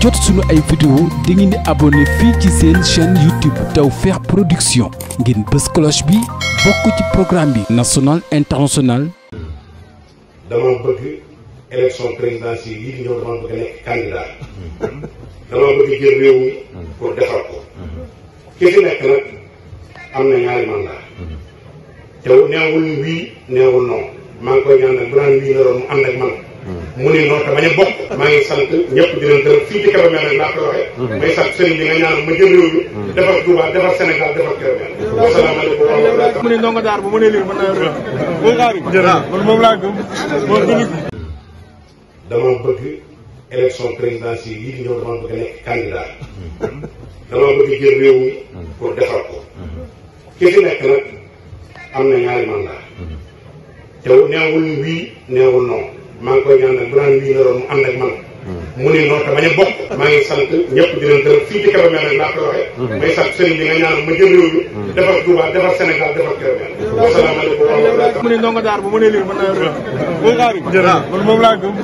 jot suñu ay vidéo da ngeen di abonné fii ci seen chaîne YouTube Tawfekh Production ngeen bës cloche bi bokk ci programme bi national international dama bëgg élection présidentielle yi di ñëw dama bëgg nekk candidat dama bëgg jël réew mi defar ko ki fi nekk am na ñaari mandat te neewul wii neewul non maa koy ñaan nag bu wii la doon mu ànd ak man mu ne noonu dama ñu bokk. maa ngi sant ñëpp di leen fii ci Kébémer nag laa koy waxee. Mhm. may sant sëriñ bi nga ñaan ma jëm réew mi. Mhm. defar Touba defar Sénégal defar Kébémer. waaw salaamaaleykum wa ne ndongo daar bu mu ne lii mën naa rëb. Ah, moom laa gëm. moom du nit. dama bëgg jël réew mi pour defar ko. Mhm. ki fi nekk nag am na ñaari mandat. te neewul wii neewul non. maa ngi koy ñaanal bu naan lii mu ànd ak man. mu ne noo te bañ a bokk. maa ngi sant ñëpp di leen gërëm fii ci Kébémer nag laa koy waxee. Mm-hmm. may sant sëriñ bi nga ñaanal ma jël réew mi. Mm-hmm. defar Touba defar Sénégal defar Kébémer. wasalaamaaleykum ne ndongo daar bu mu ne lii mën naa yor. boo xaari jërëjëf ah, man moom laa gëm.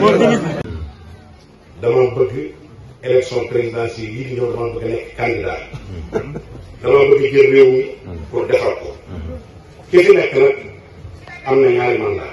moom du nit. dama bëgg élection présidentielle yi di ñëw mm-hmm. bëgg jël réew mi pour defar ko. ki fi nekk nag am na ñaari mandat